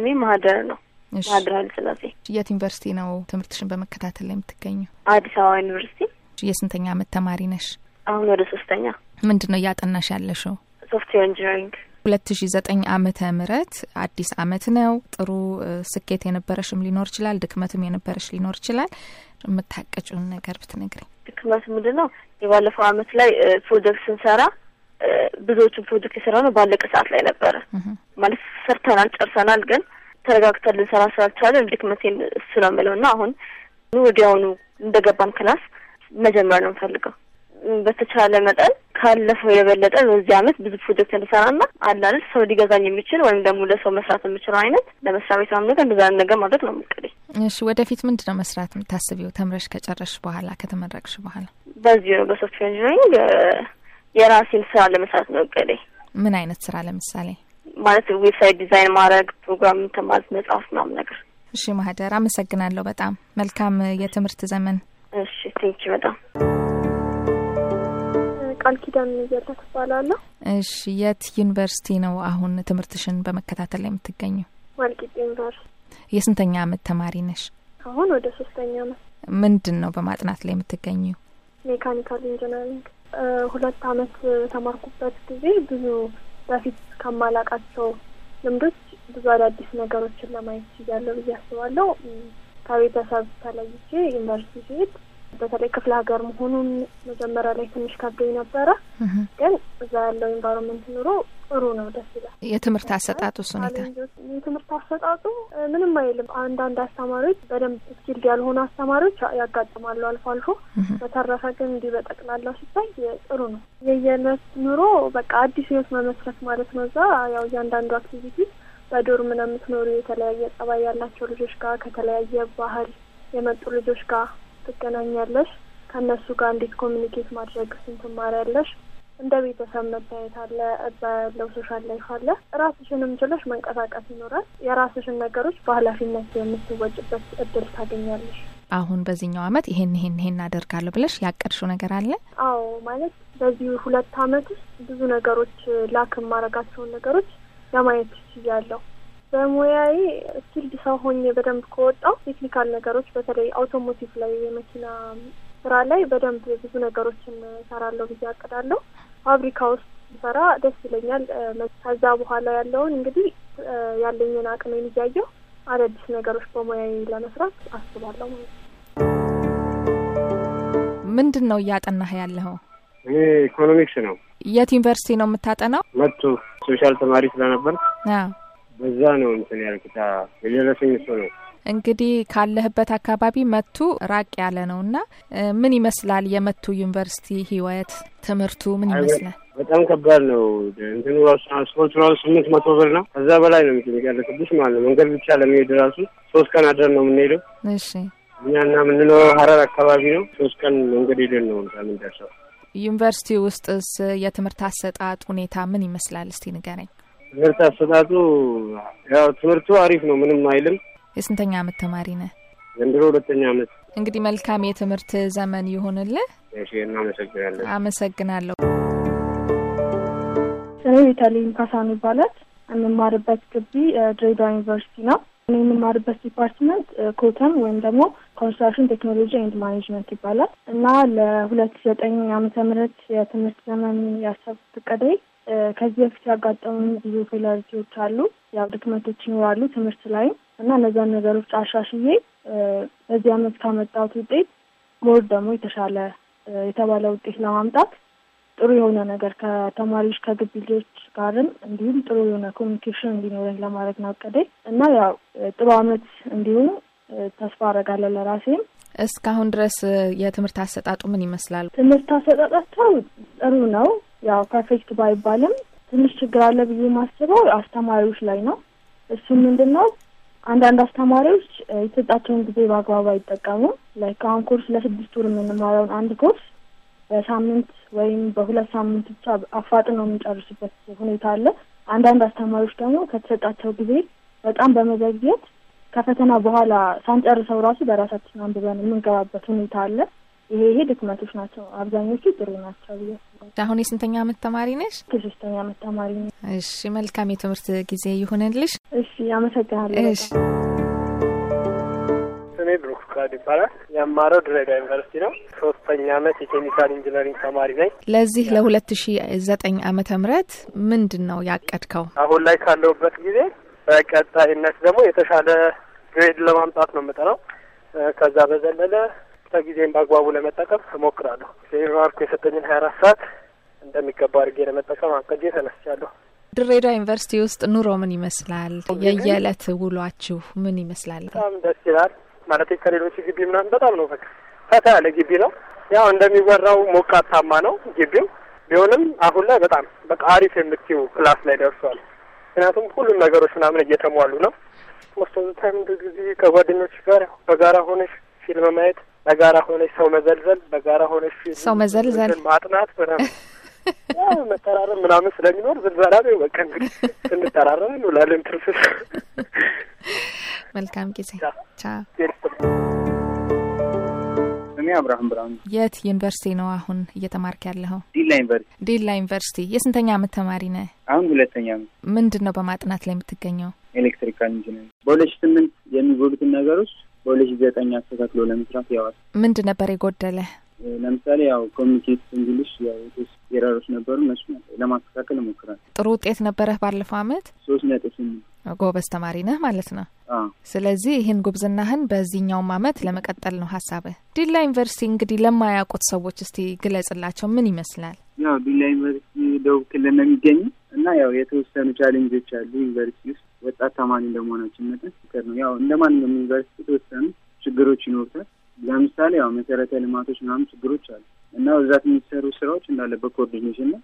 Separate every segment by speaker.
Speaker 1: ስሜ ማህደር ነው። ማህደር ኃይለ ሥላሴ።
Speaker 2: የት ዩኒቨርሲቲ ነው ትምህርትሽን በመከታተል ላይ የምትገኙ?
Speaker 1: አዲስ አበባ ዩኒቨርሲቲ።
Speaker 2: የስንተኛ አመት ተማሪ ነሽ?
Speaker 1: አሁን ወደ ሶስተኛ።
Speaker 2: ምንድን ነው እያጠናሽ ያለሽው?
Speaker 1: ሶፍትዌር ኢንጂነሪንግ።
Speaker 2: ሁለት ሺ ዘጠኝ አመተ ምህረት አዲስ አመት ነው። ጥሩ ስኬት የነበረሽም ሊኖር ይችላል፣ ድክመትም የነበረሽ ሊኖር ይችላል። የምታቀጭውን ነገር ብትነግሪኝ።
Speaker 1: ድክመት ምንድን ነው? የባለፈው አመት ላይ ፕሮጀክት ስንሰራ ብዙዎቹን ፕሮጀክት የሰራ ነው ባለቀ ሰዓት ላይ ነበረ ማለት ሰርተናል፣ ጨርሰናል ግን ተረጋግተን ልንሰራ ስላልቻለን ድክመቴን እሱ ነው የምለው እና አሁን ወዲያውኑ እንደገባን ክላስ መጀመር ነው የምፈልገው። በተቻለ መጠን ካለፈው የበለጠ በዚህ አመት ብዙ ፕሮጀክት ና አላልስ ሰው ሊገዛኝ የሚችል ወይም ደግሞ ለሰው መስራት የምችለው አይነት ለመስሪያ ቤት ማምለክ እንደዛን ነገር ማድረግ ነው ምቅዴ።
Speaker 2: እሺ፣ ወደፊት ምንድ ነው መስራት የምታስቢው ተምረሽ ከጨረሽ በኋላ ከተመረቅሽ በኋላ?
Speaker 1: በዚሁ ነው በሶፍትዌር ኢንጂኒሪንግ የራሴን ስራ ለመስራት ነው እቅዴ።
Speaker 2: ምን አይነት ስራ ለምሳሌ?
Speaker 1: ማለት ዌብሳይት ዲዛይን ማድረግ ፕሮግራም ተማዝ መጽሐፍ ምናምን ነገር።
Speaker 2: እሺ ማህደር አመሰግናለሁ በጣም መልካም የትምህርት ዘመን።
Speaker 1: እሺ ቴንኪ በጣም
Speaker 2: ቃል ኪዳን እያለ ትባላለሁ። እሺ የት ዩኒቨርሲቲ ነው አሁን ትምህርትሽን በመከታተል ላይ የምትገኘው?
Speaker 1: ዋልቂጤ ዩኒቨርሲቲ።
Speaker 2: የስንተኛ አመት ተማሪ ነሽ?
Speaker 1: አሁን ወደ ሶስተኛ አመት።
Speaker 2: ምንድን ነው በማጥናት ላይ የምትገኘው?
Speaker 1: ሜካኒካል ኢንጂነሪንግ። ሁለት አመት ተማርኩበት ጊዜ ብዙ በፊት ከማላቃቸው ልምዶች ብዙ አዳዲስ ነገሮችን ለማየት ችያለሁ ብዬ አስባለሁ። ከቤተሰብ ተለይቼ ዩኒቨርሲቲ ሲሄድ በተለይ ክፍለ ሀገር መሆኑን መጀመሪያ ላይ ትንሽ ከብዶኝ ነበረ፣ ግን እዛ ያለው ኤንቫይሮንመንት ኑሮ ጥሩ ነው፣ ደስ ይላል።
Speaker 2: የትምህርት አሰጣጡ ሁኔታ
Speaker 1: የትምህርት አሰጣጡ ምንም አይልም። አንዳንድ አስተማሪዎች በደንብ ስኪልድ ያልሆኑ አስተማሪዎች ያጋጥማሉ አልፎ አልፎ። በተረፈ ግን እንዲህ በጠቅላላው ሲታይ ጥሩ ነው። የየዕለት ኑሮ በቃ አዲስ ህይወት መመስረት ማለት ነው። እዛ ያው እያንዳንዱ አክቲቪቲ በዶር ምን የምትኖሩ የተለያየ ጸባይ ያላቸው ልጆች ጋር ከተለያየ ባህል የመጡ ልጆች ጋር ትገናኛለሽ፣ ከእነሱ ጋር እንዴት ኮሚኒኬት ማድረግ ትማሪያለሽ። እንደ ቤተሰብ መታየት አለ፣ እዛ ያለው ሶሻል ላይፍ አለ። ራስሽንም ችለሽ መንቀሳቀስ ይኖራል። የራስሽን ነገሮች በኃላፊነት የምትወጭበት እድል ታገኛለሽ።
Speaker 2: አሁን በዚህኛው አመት ይሄን ይሄን ይሄን አደርጋለሁ ብለሽ ያቀድሽው ነገር አለ?
Speaker 1: አዎ ማለት በዚህ ሁለት አመት ውስጥ ብዙ ነገሮች ላክ የማረጋቸውን ነገሮች ለማየት ችያለሁ። በሙያዬ ስኪልድ ሰው ሆኜ በደንብ ከወጣው ቴክኒካል ነገሮች በተለይ አውቶሞቲቭ ላይ የመኪና ስራ ላይ በደንብ ብዙ ነገሮችን ሰራለሁ ብዬ አቅዳለሁ። ፋብሪካ ውስጥ ሰራ ደስ ይለኛል። ከዛ በኋላ ያለውን እንግዲህ ያለኝን አቅም የሚያየው አዳዲስ ነገሮች በሙያዬ ለመስራት
Speaker 2: አስባለሁ ማለት ነው። ምንድን ነው እያጠናህ ያለኸው?
Speaker 3: እኔ ኢኮኖሚክስ ነው።
Speaker 2: የት ዩኒቨርሲቲ ነው የምታጠናው?
Speaker 3: መቱ ሶሻል ተማሪ ስለነበር በዛ ነው እንትን ያልኩት የደረሰኝ እሱ ነው።
Speaker 2: እንግዲህ ካለህበት አካባቢ መቱ ራቅ ያለ ነው እና ምን ይመስላል የመቱ ዩኒቨርሲቲ ህይወት? ትምህርቱ ምን ይመስላል?
Speaker 3: በጣም ከባድ ነው። እንትን ራሱ ትራንስፖርት ራሱ ስምንት መቶ ብር ነው። ከዛ በላይ ነው የሚያለቅብሽ ማለት ነው። መንገድ ብቻ ለመሄድ ራሱ ሶስት ቀን አደር ነው የምንሄደው። እሺ እኛና የምንኖረው ሀረር አካባቢ ነው። ሶስት ቀን መንገድ ሄደን ነው ምንደርሰው።
Speaker 2: ዩኒቨርሲቲ ውስጥስ የትምህርት አሰጣጥ ሁኔታ ምን ይመስላል? እስቲ ንገረኝ።
Speaker 3: ትምህርት አሰጣጡ ያው ትምህርቱ አሪፍ ነው፣ ምንም አይልም።
Speaker 2: የስንተኛ አመት ተማሪ ነህ?
Speaker 3: ዘንድሮ ሁለተኛ አመት።
Speaker 2: እንግዲህ መልካም የትምህርት ዘመን ይሆንልህ።
Speaker 3: እሺ፣ እናመሰግናለን።
Speaker 2: አመሰግናለሁ። ስሜ ቤተልሔም ካሳኑ ይባላል።
Speaker 1: የምማርበት ግቢ ድሬዳዋ ዩኒቨርሲቲ ነው። እኔ የምማርበት ዲፓርትመንት ኮተን ወይም ደግሞ ኮንስትራክሽን ቴክኖሎጂ ኤንድ ማኔጅመንት ይባላል እና ለሁለት ዘጠኝ አመተ ምህረት የትምህርት ዘመን ያሰብኩት እቅዴ ከዚህ በፊት ያጋጠሙ ብዙ ፌላሪቲዎች አሉ፣ ያው ድክመቶች ይኖራሉ ትምህርት ላይም እና እነዚያን ነገሮች አሻሽዬ በዚህ አመት ካመጣሁት ውጤት ቦርድ ደግሞ የተሻለ የተባለ ውጤት ለማምጣት ጥሩ የሆነ ነገር ከተማሪዎች ከግቢ ልጆች ጋርም እንዲሁም ጥሩ የሆነ ኮሚኒኬሽን እንዲኖረኝ ለማድረግ ነው እቅዴ እና ያው ጥሩ አመት እንዲሁም ተስፋ አደርጋለሁ ለራሴም
Speaker 2: እስካሁን ድረስ የትምህርት አሰጣጡ ምን ይመስላል?
Speaker 1: ትምህርት አሰጣጣቸው ጥሩ ነው። ያው ፐርፌክት ባይባልም ትንሽ ችግር አለ ብዬ የማስበው አስተማሪዎች ላይ ነው። እሱ ምንድን ነው አንዳንድ አስተማሪዎች የተሰጣቸውን ጊዜ በአግባቡ አይጠቀሙም። ላይክ አሁን ኮርስ ለስድስት ወር የምንማረውን አንድ ኮርስ በሳምንት ወይም በሁለት ሳምንት ብቻ አፋጥነው የሚጨርሱበት ሁኔታ አለ። አንዳንድ አስተማሪዎች ደግሞ ከተሰጣቸው ጊዜ በጣም በመዘግየት ከፈተና በኋላ ሳንጨርሰው ራሱ በራሳችን አንብበን የምንገባበት ሁኔታ አለ። ይሄ ይሄ ድክመቶች ናቸው። አብዛኞቹ ጥሩ ናቸው
Speaker 2: አሁን የስንተኛ አመት ተማሪ ነሽ? ከሶስተኛ አመት ተማሪ ነ እሺ፣ መልካም የትምህርት ጊዜ ይሁንልሽ። እሺ፣ አመሰግናለሁ። እሺ
Speaker 1: ስሜ
Speaker 3: ብሩክ ፍቃድ ይባላል። የማረው ድሬዳዋ ዩኒቨርሲቲ ነው። ሶስተኛ አመት የኬሚካል ኢንጂነሪንግ ተማሪ
Speaker 2: ነኝ። ለዚህ ለሁለት ሺ ዘጠኝ አመተ ምህረት ምንድን ነው ያቀድከው?
Speaker 3: አሁን ላይ ካለሁበት ጊዜ በቀጣይነት ደግሞ የተሻለ ግሬድ ለማምጣት ነው የምጠነው። ከዛ በዘለለ ጊዜም በአግባቡ ለመጠቀም እሞክራለሁ። ማርኩ የሰጠኝን ሀያ አራት ሰዓት እንደሚገባ አድርጌ ለመጠቀም አቅጄ ተነስቻለሁ።
Speaker 2: ድሬዳዋ ዩኒቨርሲቲ ውስጥ ኑሮ ምን ይመስላል? የየዕለት ውሏችሁ ምን ይመስላል? በጣም
Speaker 3: ደስ ይላል። ማለት ከሌሎች ግቢ ምናምን በጣም ነው በቃ ፈታ ያለ ግቢ ነው። ያው እንደሚወራው ሞቃታማ ነው ግቢው ቢሆንም አሁን ላይ በጣም በቃ አሪፍ የምትይው ክላስ ላይ ደርሷል። ምክንያቱም ሁሉም ነገሮች ምናምን እየተሟሉ ነው። ሞስት ኦፍ ታይም ብዙ ጊዜ ከጓደኞች ጋር በጋራ ሆነሽ ፊልም ማየት፣ በጋራ ሆነሽ ሰው መዘልዘል፣ በጋራ ሆነሽ ሰው መዘልዘል ማጥናት ምናምን
Speaker 2: መጠራረብ
Speaker 3: ምናምን ስለሚኖር ዝልዘላ ነው። በቃ እንግዲህ እንጠራረብ
Speaker 4: እንውላለን። ትርፍስ
Speaker 2: መልካም ጊዜ ቻ
Speaker 4: ስሜ አብርሃም ብርሃኑ።
Speaker 2: የት ዩኒቨርሲቲ ነው አሁን እየተማርክ ያለኸው? ዲላ ዩኒቨርሲቲ። ዲላ ዩኒቨርሲቲ። የስንተኛ አመት ተማሪ ነህ?
Speaker 4: አሁን ሁለተኛ አመት።
Speaker 2: ምንድን ነው በማጥናት ላይ የምትገኘው?
Speaker 4: ኤሌክትሪካል ኢንጂነሪንግ። በሁለት ሺ ስምንት የሚጎሉትን ነገሮች በሁለት ሺ ዘጠኝ አስተካክሎ ለመስራት ያዋል።
Speaker 2: ምንድን ነበር የጎደለ?
Speaker 4: ለምሳሌ ያው ኮሚኒኬት እንግሊሽ ያው ሶስት ኤረሮች ነበሩ። እነሱ ለማስተካከል እሞክራለሁ።
Speaker 2: ጥሩ ውጤት ነበረህ ባለፈው አመት
Speaker 4: ሶስት ነጥብ ስምንት
Speaker 2: ጎበዝ ተማሪ ነህ ማለት ነው። ስለዚህ ይህን ጉብዝናህን በዚህኛውም አመት ለመቀጠል ነው ሀሳብህ። ዲላ ዩኒቨርሲቲ እንግዲህ ለማያውቁት ሰዎች እስቲ ግለጽላቸው፣ ምን ይመስላል?
Speaker 4: ያው ዲላ ዩኒቨርሲቲ ደቡብ ክልል ነው የሚገኝ እና ያው የተወሰኑ ቻሌንጆች አሉ ዩኒቨርሲቲ ውስጥ ወጣት ተማሪ እንደመሆናችን መጠን ምክር ነው። ያው እንደ ማንኛውም ዩኒቨርሲቲ የተወሰኑ ችግሮች ይኖሩታል። ለምሳሌ ያው መሰረተ ልማቶች ምናምን ችግሮች አሉ እና በብዛት የሚሰሩ ስራዎች እንዳለ በኮኦርዲኔሽን ነው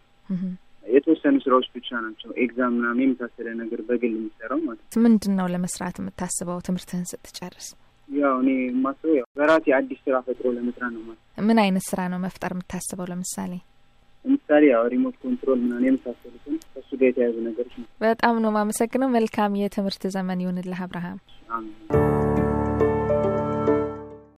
Speaker 4: የተወሰኑ ስራዎች ብቻ ናቸው። ኤግዛም ምናምን የመሳሰለ ነገር በግል የሚሰራው ማለት
Speaker 2: ነው። ምንድን ነው ለመስራት የምታስበው ትምህርትህን ስትጨርስ?
Speaker 4: ያው እኔ የማስበው ያው በራሴ አዲስ ስራ ፈጥሮ ለመስራት ነው ማለት
Speaker 2: ነው። ምን አይነት ስራ ነው መፍጠር የምታስበው? ለምሳሌ
Speaker 4: ለምሳሌ ያው ሪሞት ኮንትሮል ምናምን የመሳሰሉትን ከሱ ጋር የተያዙ ነገሮች ነው።
Speaker 2: በጣም ነው የማመሰግነው። መልካም የትምህርት ዘመን ይሁንልህ
Speaker 4: አብርሃም።